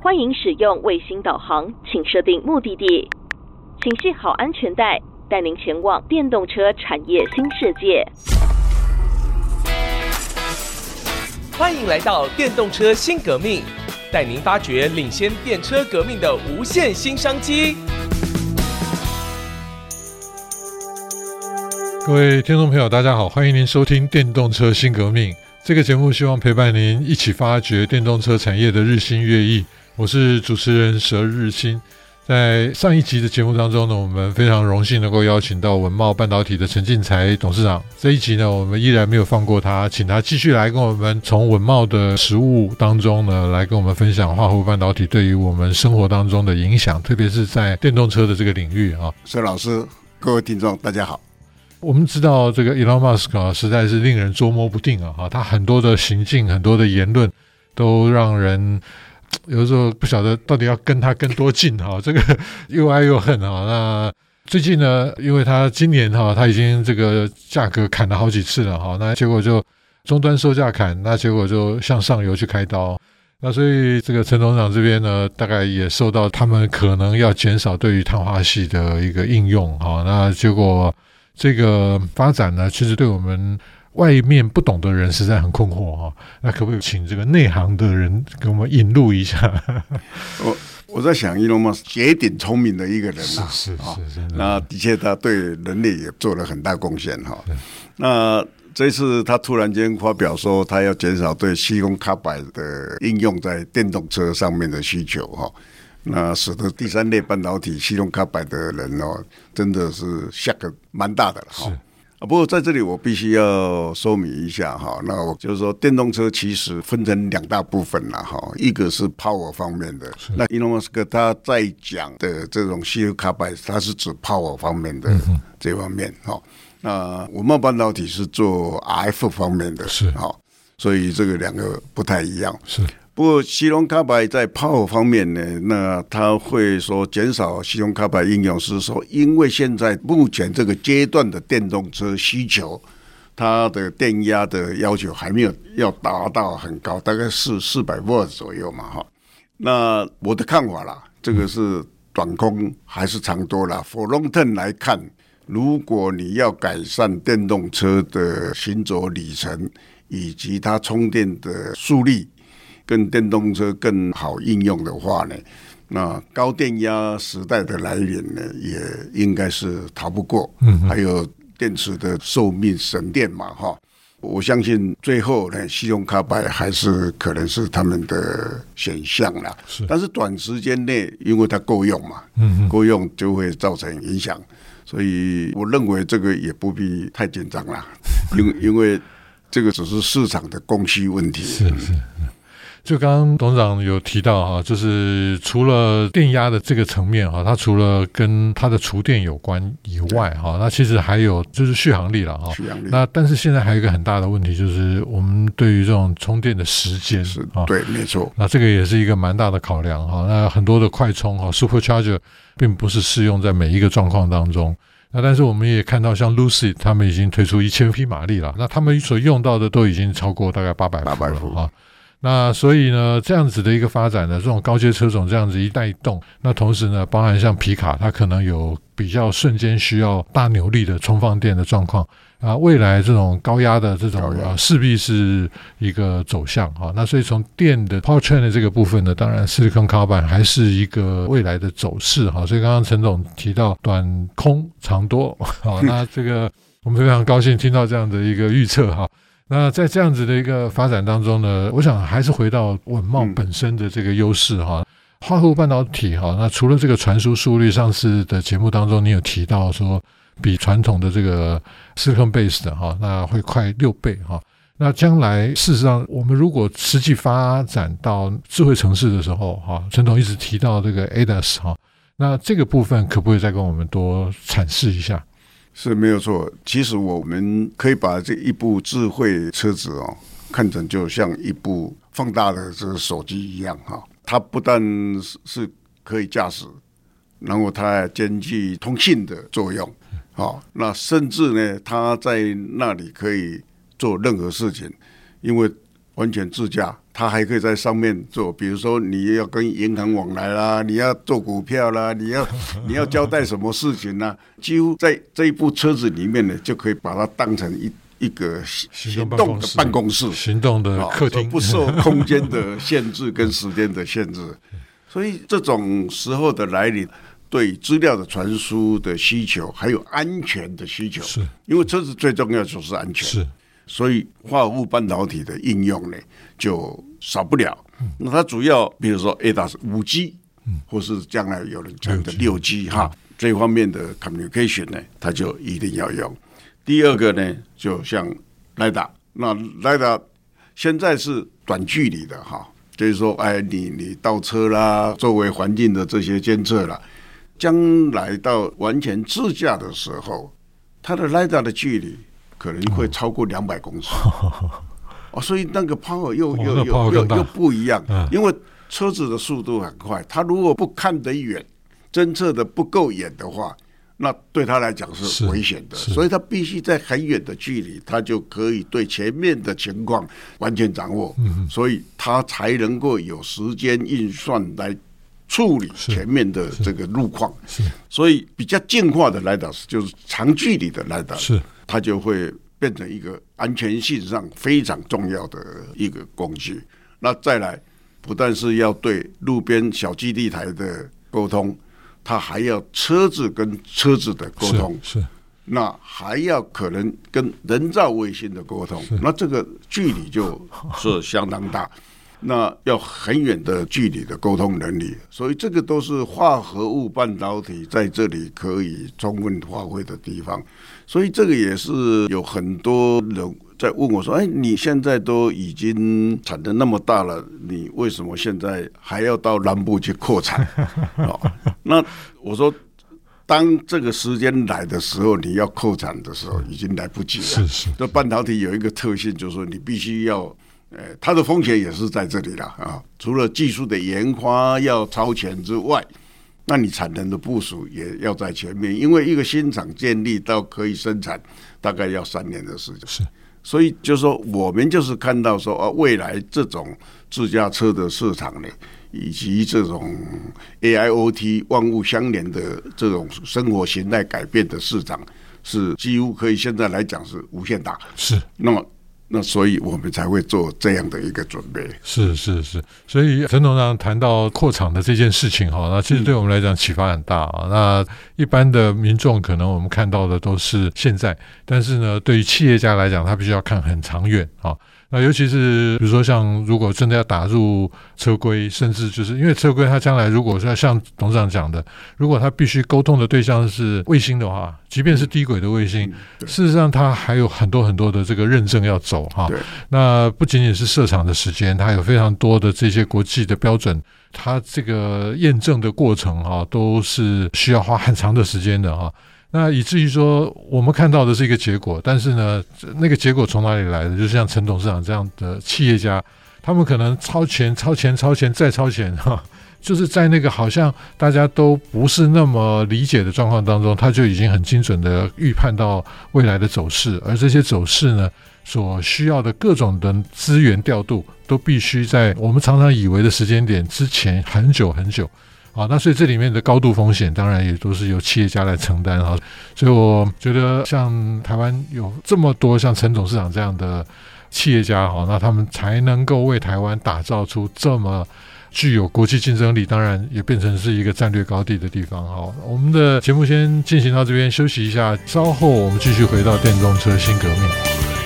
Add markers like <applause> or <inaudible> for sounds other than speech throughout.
歡迎使用衛星導航，請設定目的地，請繫好安全帶，帶您前往電動車產業新世界。歡迎來到電動車新革命，帶您發掘領先電車革命的無限新商機。各位聽眾朋友，大家好，歡迎您收聽《電動車新革命》這個節目，希望陪伴您一起發掘電動車產業的日新月異。我是主持人佘日新，在上一集的節目當中呢，我們非常榮幸能夠邀請到穩懋半導體的陳進財董事長。這一集呢，我們依然沒有放過他，請他繼續來跟我們從穩懋的實務當中呢，來跟我們分享化合物半導體對於我們生活當中的影響，特別是在電動車的這個領域啊。佘老師，各位聽眾，大家好。我們知道這個 Elon Musk 啊，實在是令人捉摸不定啊，哈，他很多的行徑，很多的言論，都讓人。有的時候不曉得到底要跟他跟多近哈，這個又愛又恨哈。那最近呢，因為他今年哈，他已經這個價格砍了好幾次了哈，那結果就終端售價砍，那結果就向上游去開刀。那所以這個陳董事長這邊呢，大概也受到他們可能要減少對於碳化矽的一個應用哈，那結果這個發展呢，其實對我們。外面不懂的人實在很困惑哈、哦，那可不可以請這個內行的人給我們引路一下？ <laughs> 我我在想一，伊隆嘛絕頂聰明的一個人是是是，哦、是，是，是，是，那的確他對人類也做了很大貢獻哈。那這次他突然間發表說，他要減少對 Silicon Carbide 的應用在電動車上面的需求哈、哦嗯，那使得第三類半導體 Silicon Carbide 的人哦，真的是嚇個蠻大的了哈、哦。啊，不過在這裡我必須要說明一下哈，那我就是說電動車其實分成兩大部分了哈，一個是 power 方面的，那伊隆馬斯克他在講的這種 s i 卡 i c，它是指 power 方面的這方面哈、嗯，那我們半導體是做 F 方面的，是哈，所以這個兩個不太一樣是。不過，Silicon Carbide 在 Power 方面呢，那他會說減少 Silicon Carbide 應用，是說因為現在目前這個階段的電動車需求，它的電壓的要求還沒有要達到很高，大概是四百伏左右嘛，哈。那我的看法啦，這個是短空還是長多了。For long-term 來看，如果你要改善電動車的行走里程以及它充電的速率。跟電動車更好應用的話呢，那高電壓時代的來臨呢，也應該是逃不過。嗯，還有電池的壽命、省電嘛，哈，我相信最後呢，西用卡牌還是可能是他們的選項啦。但是短時間內，因為它夠用嘛，嗯，夠用就會造成影響、嗯，所以我認為這個也不必太緊張啦。 <laughs> 因，因為這個只是市場的供需問題。是是。就剛剛董事長有提到哈、啊，就是除了電壓的這個層面哈、啊，它除了跟它的儲電有關以外哈、啊，那其實還有就是續航力了哈、啊。續航力。那但是現在還有一個很大的問題就是，我們對於這種充電的時間，是啊，對，沒錯。那這個也是一個蠻大的考量哈、啊。那很多的快充哈、啊，Supercharger 並不是適用在每一個狀況當中。那但是我們也看到，像 Lucid 他們已經推出一千匹馬力了，那他們所用到的都已經超過大概八百伏了啊。那所以呢，這樣子的一個發展呢，這種高階車種這樣子一帶一動，那同時呢，包含像皮卡，它可能有比較瞬間需要大扭力的充放電的狀況啊。未來這種高壓的這種啊，勢必是一個走向啊。那所以從電的 powertrain 的這個部分呢，當然 silicon carbide 還是一個未來的走勢哈、啊。所以剛剛陳總提到短空長多，好、啊，那這個我們非常高興聽到這樣的一個預測哈。啊那在這樣子的一個發展當中呢，我想還是回到穩懋本身的這個優勢哈、嗯，化合物半導體哈。那除了這個傳輸速率，上次的節目當中你有提到說比傳統的這個 silicon based 哈，那會快六倍哈。那將來事實上我們如果實際發展到智慧城市的時候哈，陳總一直提到這個 ADAS 哈，那這個部分可不可以再跟我們多闡釋一下？是沒有錯。其實我們可以把這一部智慧車子哦，看成就像一部放大的這個手機一樣哈、哦。它不但是可以駕駛，然後它還兼具通信的作用，好、哦，那甚至呢，它在那裡可以做任何事情，因為完全自駕。他還可以在上面做，比如說你要跟銀行往來啦，你要做股票啦，你要你要交代什麼事情呢、啊？ <laughs> 幾乎在這一部車子裡面呢，就可以把它當成一一個行動的辦公室、行動的客廳，哦、不受空間的限制跟時間的限制。 <laughs> 所以這種時候的來臨，對資料的傳輸的需求還有安全的需求，是，因為車子最重要就是安全，是。所以化合物半導體的應用呢，就少不了、嗯。那它主要比如說雷達是五 G、嗯、或是將來有人講的六 G 哈，這方面的 communication 呢，它就一定要用、嗯。嗯、第二個呢，就像雷達，那雷達現在是短距離的哈，就是說哎，你你倒車啦，周圍環境的這些監測啦，將來到完全自駕的時候，它的雷達的距離。可能會超過兩百公尺、嗯哦。哦，所以那個 power 又、哦、又 power 又又又不一樣、嗯，因為車子的速度很快，他如果不看得遠，偵測的不夠遠的話，那對他來講是危險的，所以他必須在很遠的距離，他就可以對前面的情況完全掌握，嗯、所以他才能夠有時間運算來處理前面的這個路況，所以比較進化的雷達就是長距離的雷達是。它就會變成一個安全性上非常重要的一個工具。那再來，不但是要對路邊小基地台的溝通，它還要車子跟車子的溝通，是，是。那還要可能跟人造衛星的溝通，那這個距離就 <laughs> 是相當大。那要很遠的距離的溝通能力，所以這個都是化合物半導體在這裡可以充分發揮的地方。所以這個也是有很多人在問我說：“哎，你現在都已經產的那麼大了，你為什麼現在還要到南部去擴產、哦？” <laughs> 那我說，當這個時間來的時候，你要擴產的時候已經來不及了。是是，那半導體有一個特性，就是說你必須要。它的風險也是在這裡了啊！除了技術的研發要超前之外，那你產能的部署也要在前面，因為一個新廠建立到可以生產，大概要三年的時間。是，所以就是說，我們就是看到說啊，未來這種自駕車的市場呢，以及這種 AIoT 萬物相連的這種生活形態改變的市場，是幾乎可以現在來講是無限大。是，那麼。那所以我們才會做這樣的一個準備是。是是是，所以陳董事長談到擴廠的這件事情哈，那其實對我們來講、嗯、啟發很大。那一般的民眾可能我們看到的都是現在，但是呢，對於企業家來講，他必須要看很長遠啊。那尤其是比如說像如果真的要打入車規，甚至就是因為車規，它將來如果說像董事長講的，如果它必須溝通的對象是衛星的話，即便是低軌的衛星，事實上它還有很多很多的這個認證要走哈、啊。那不僅僅是設廠的時間，它有非常多的這些國際的標準，它這個驗證的過程啊，都是需要花很長的時間的哈、啊。那以至於說，我們看到的是一個結果，但是呢，那個結果從哪裡來的？就是像陳董事長這樣的企業家，他們可能超前、超前、超前再超前，哈，就是在那個好像大家都不是那麼理解的狀況當中，他就已經很精準的預判到未來的走勢，而這些走勢呢，所需要的各種的資源調度，都必須在我們常常以為的時間點之前很久很久。好，那所以這裡面的高度風險，當然也都是由企業家來承擔啊。所以我覺得，像台灣有這麼多像陳董事長這樣的企業家，好，那他們才能夠為台灣打造出這麼具有國際競爭力，當然也變成是一個戰略高地的地方。好，我們的節目先進行到這邊，休息一下，稍後我們繼續回到電動車新革命。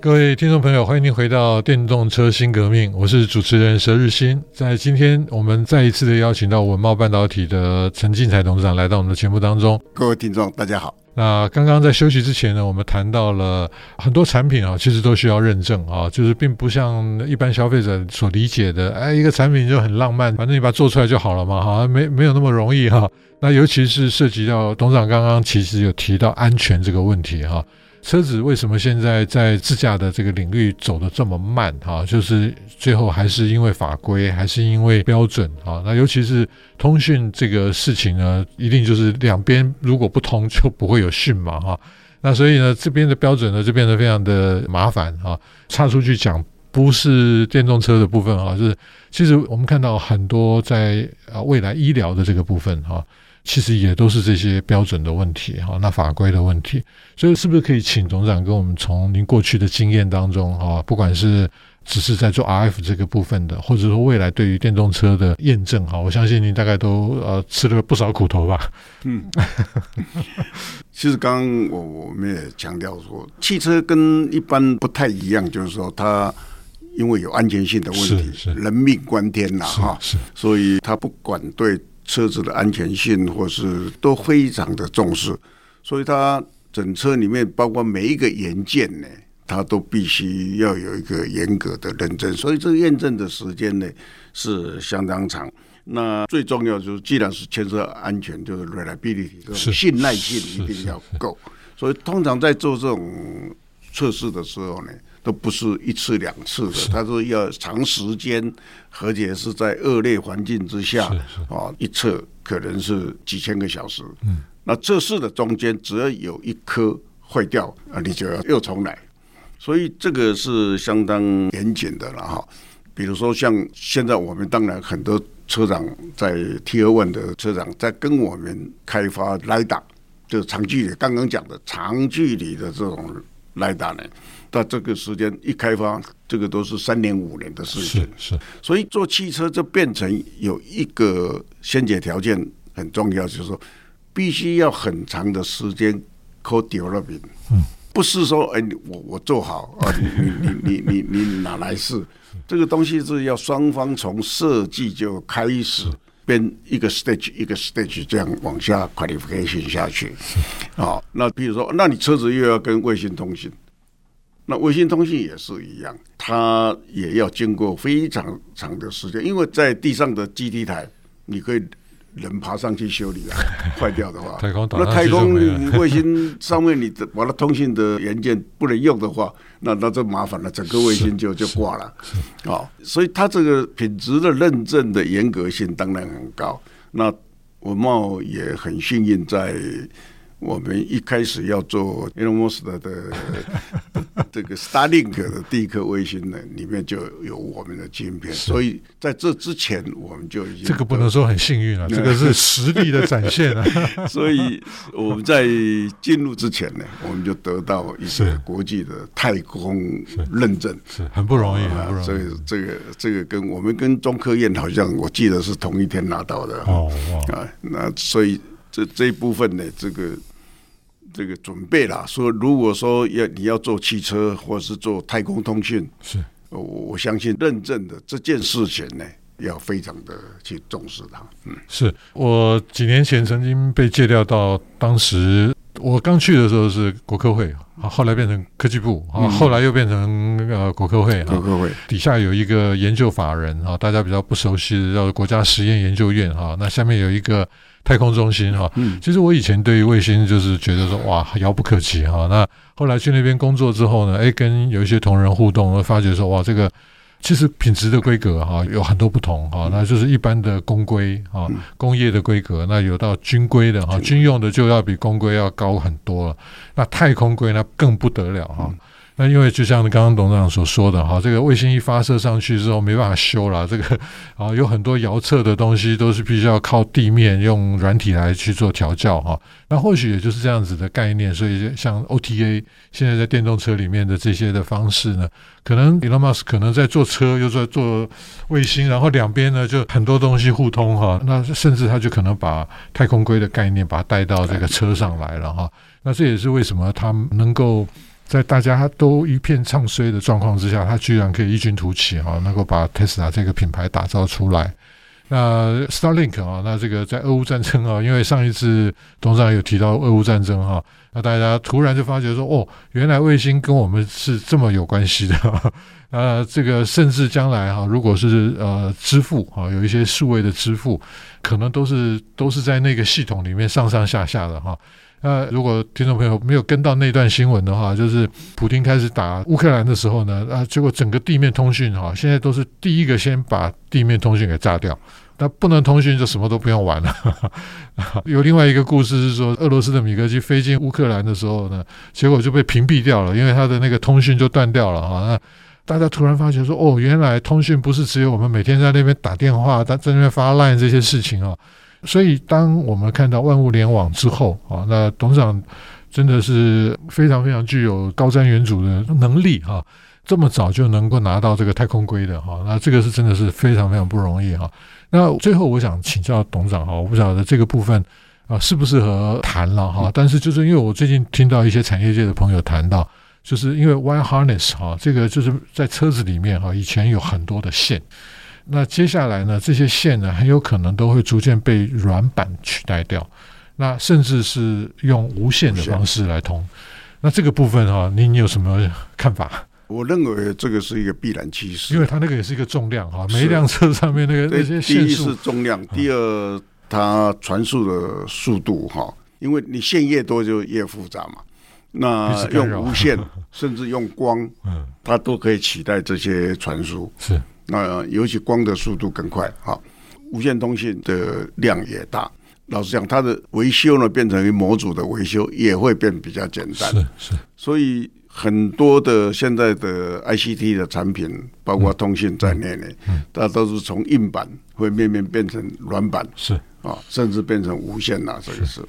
各位聽眾朋友，歡迎您回到電動車新革命，我是主持人佘日新。在今天，我們再一次的邀請到穩懋半導體的陳進財董事長來到我們的節目當中。各位聽眾，大家好。那剛剛在休息之前呢，我們談到了很多產品啊，其實都需要認證啊，就是並不像一般消費者所理解的，哎，一個產品就很浪漫，反正你把它做出來就好了嘛，像、啊、沒沒有那麼容易哈、啊。那尤其是涉及到董事長剛剛其實有提到安全這個問題哈、啊。車子為什麼現在在自駕的這個領域走得這麼慢？哈，就是最後還是因為法規，還是因為標準。哈，那尤其是通訊這個事情呢，一定就是兩邊如果不通就不會有訊嘛。哈，那所以呢，這邊的標準呢就變得非常的麻煩。哈，差出去講，不是電動車的部分。哈，是其實我們看到很多在啊未來醫療的這個部分。哈。其實也都是這些標準的問題哈，那法規的問題，所以是不是可以請董事長跟我們從您過去的經驗當中哈，不管是只是在做 RF 這個部分的，或者說未來對於電動車的驗證哈，我相信您大概都呃吃了不少苦頭吧？嗯， <laughs> 其實剛剛我我們也強調說，汽車跟一般不太一樣，就是說它因為有安全性的問題，是，是人命關天吶、啊、哈，所以它不管對。車子的安全性，或是都非常的重視，所以它整車裡面包括每一個元件呢，它都必須要有一個嚴格的認證，所以這個驗證的時間呢是相當長。那最重要就是，既然是牽涉安全，就是 reliability，這種信賴性一定要夠。所以通常在做這種測試的時候呢。都不是一次兩次的，它是他要長時間，而且是在惡劣環境之下，啊、哦，一次可能是幾千個小時。嗯、那測試的中間只要有一顆壞掉，啊，你就要又重來，所以這個是相當嚴謹的了哈。比如說像現在我們當然很多車長在 Tier 1的車長在跟我們開發雷達，就是長距離，剛剛講的長距離的這種。來打人，但這個時間一開發，這個都是三年五年的事情。是,是所以做汽車就變成有一個先決條件很重要，就是說必須要很長的時間 co d e v e l o p n 不是說哎、欸，我我做好啊，你你你你你,你哪來事？ <laughs> 這個東西是要雙方從設計就開始。邊一個 stage 一個 stage 這樣往下 qualification 下去，啊，那比如說，那你車子又要跟衛星通信，那衛星通信也是一樣，它也要經過非常長的時間，因為在地上的基地台，你可以人爬上去修理啊，壞掉的話，那太空衛星上面，你的把它通信的元件不能用的話。那那就麻煩了，整個衛星就就掛了，啊、哦！所以它這個品質的認證的嚴格性當然很高。那穩懋也很幸運在。我們一開始要做 Elon Musk 的這個 Starlink 的第一顆衛星呢，裡面就有我們的晶片，所以在這之前我們就已經這個不能說很幸運了、啊， <laughs> 這個是實力的展現啊。 <laughs> 所以我們在進入之前呢，我們就得到一些國際的太空認證，是，是，是很不容易啊，很不容易。所以這個這個跟我們跟中科院好像，我記得是同一天拿到的、嗯、哦啊，那所以這這一部分呢，這個。這個準備啦，說如果說要你要做汽車或者是做太空通訊，是，我相信認證的這件事情呢，要非常的去重視它。嗯，是我幾年前曾經被借調到，當時我剛去的時候是國科會，後來變成科技部，啊，後來又變成呃國科會，國科會底下有一個研究法人啊，大家比較不熟悉的叫國家實驗研究院啊，那下面有一個。太空中心哈，其實我以前對於衛星就是覺得說，哇遙不可及哈，那後來去那邊工作之後呢，誒，跟有一些同仁互動，我發覺說，哇這個其實品質的規格哈有很多不同哈，那就是一般的工規哈，工業的規格，那有到軍規的哈，軍用的就要比工規要高很多了，那太空規那更不得了哈。那因為就像剛剛董事長所說的哈，這個衛星一發射上去之後沒辦法修了，這個啊有很多遙測的東西都是必須要靠地面用軟體來去做調校，哈。那或許也就是這樣子的概念，所以像 OTA 現在在電動車裡面的這些的方式呢，可能 Elon Musk 可能在做車，又在做衛星，然後兩邊呢就很多東西互通哈。那甚至他就可能把太空規的概念把它帶到這個車上來了哈。那這也是為什麼他能夠。在大家都一片唱衰的狀況之下，他居然可以異軍突起哈，能夠把 Tesla 這個品牌打造出來。那 Starlink 啊，那這個在俄烏戰爭啊，因為上一次董事長有提到俄烏戰爭哈，那大家突然就發覺說，哦，原來衛星跟我們是這麼有關係的啊。 <laughs> 那這個甚至將來哈，如果是呃支付啊，有一些數位的支付，可能都是都是在那個系統裡面上上下下的哈。呃，如果聽眾朋友沒有跟到那段新聞的話，就是普丁開始打烏克蘭的時候呢，啊，結果整個地面通訊哈、啊，現在都是第一個先把地面通訊給炸掉，那不能通訊就什麼都不用玩了。 <laughs> 有另外一個故事是說，俄羅斯的米格機飛進烏克蘭的時候呢，結果就被屏蔽掉了，因為他的那個通訊就斷掉了、啊、那大家突然發覺說，哦，原來通訊不是只有我們每天在那邊打電話、在在那邊發 LINE 這些事情啊。所以，當我們看到萬物聯網之後啊，那董事長真的是非常非常具有高瞻遠矚的能力哈，這麼早就能夠拿到這個太空規的哈，那這個是真的是非常非常不容易哈。那最後，我想請教董事長哈，我不曉得這個部分啊適不適合談了哈。但是，就是因為我最近聽到一些產業界的朋友談到，就是因為 wire harness 哈，這個就是在車子裡面哈，以前有很多的線。那接下來呢，這些線呢，很有可能都會逐漸被軟板取代掉。那甚至是用無線的方式來通。那這個部分哈、哦，您有什麼看法？我認為這個是一個必然趨勢，因為它那個也是一個重量哈，每一輛車上面那個。第一是重量，嗯、第二它傳輸的速度哈，因為你線越多就越複雜嘛。那用無線，甚至用光，嗯、它都可以取代這些傳輸是。那尤其光的速度更快啊，無線通信的量也大。老實講，它的維修呢，變成模組的維修也會變比較簡單。是是。所以很多的現在的 ICT 的產品，包括通信在內呢，它、嗯嗯、都是從硬板會慢慢變成軟板。是啊，甚至變成無線了、啊，這個是，是，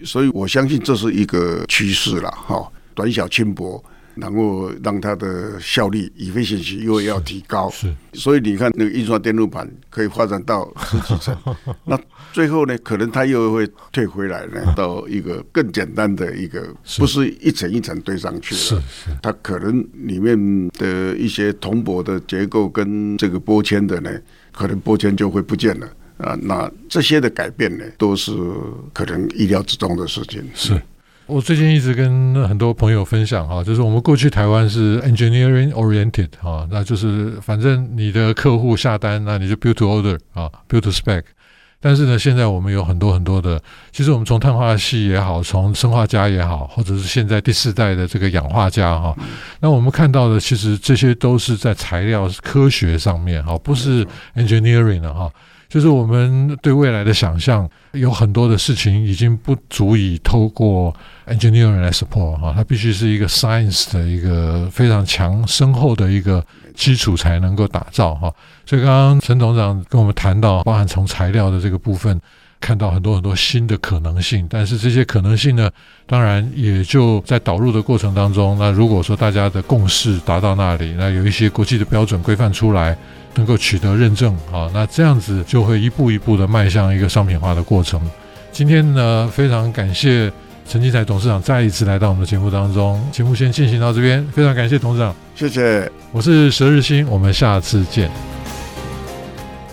是。所以我相信這是一個趨勢了。哈，短小輕薄。然後讓它的效率、以飛信息又要提高，是。所以你看，那個印刷電路板可以發展到十幾層 <laughs> 那最後呢，可能它又會退回來呢，到一個更簡單的一個， <laughs> 不是一層一層堆上去了，是它可能裡面的一些銅箔的結構跟這個玻纖的呢，可能玻纖就會不見了啊。那這些的改變呢，都是可能意料之中的事情。是。我最近一直跟很多朋友分享哈，就是我們過去台灣是 engineering oriented 哈，那就是反正你的客戶下單，那你就 build to order 啊，build to spec。但是呢，現在我們有很多很多的，其實我們從碳化矽也好，從氮化鎵也好，或者是現在第四代的這個氧化鎵哈，那我們看到的其實這些都是在材料科學上面哈，不是 engineering 啊。就是我們對未來的想象，有很多的事情已經不足以透過 engineering 來 support 哈、哦，它必須是一個 science 的一個非常強深厚的一個基礎才能夠打造哈、哦。所以剛剛陳董事長跟我們談到，包含從材料的這個部分。看到很多很多新的可能性，但是這些可能性呢，當然也就在導入的過程當中。那如果說大家的共識達到那裡，那有一些國際的標準規範出來，能夠取得認證啊，那這樣子就會一步一步的邁向一個商品化的過程。今天呢，非常感謝陳進財董事長再一次來到我們的節目當中，節目先進行到這邊，非常感謝董事長，謝謝，我是佘日新，我們下次見。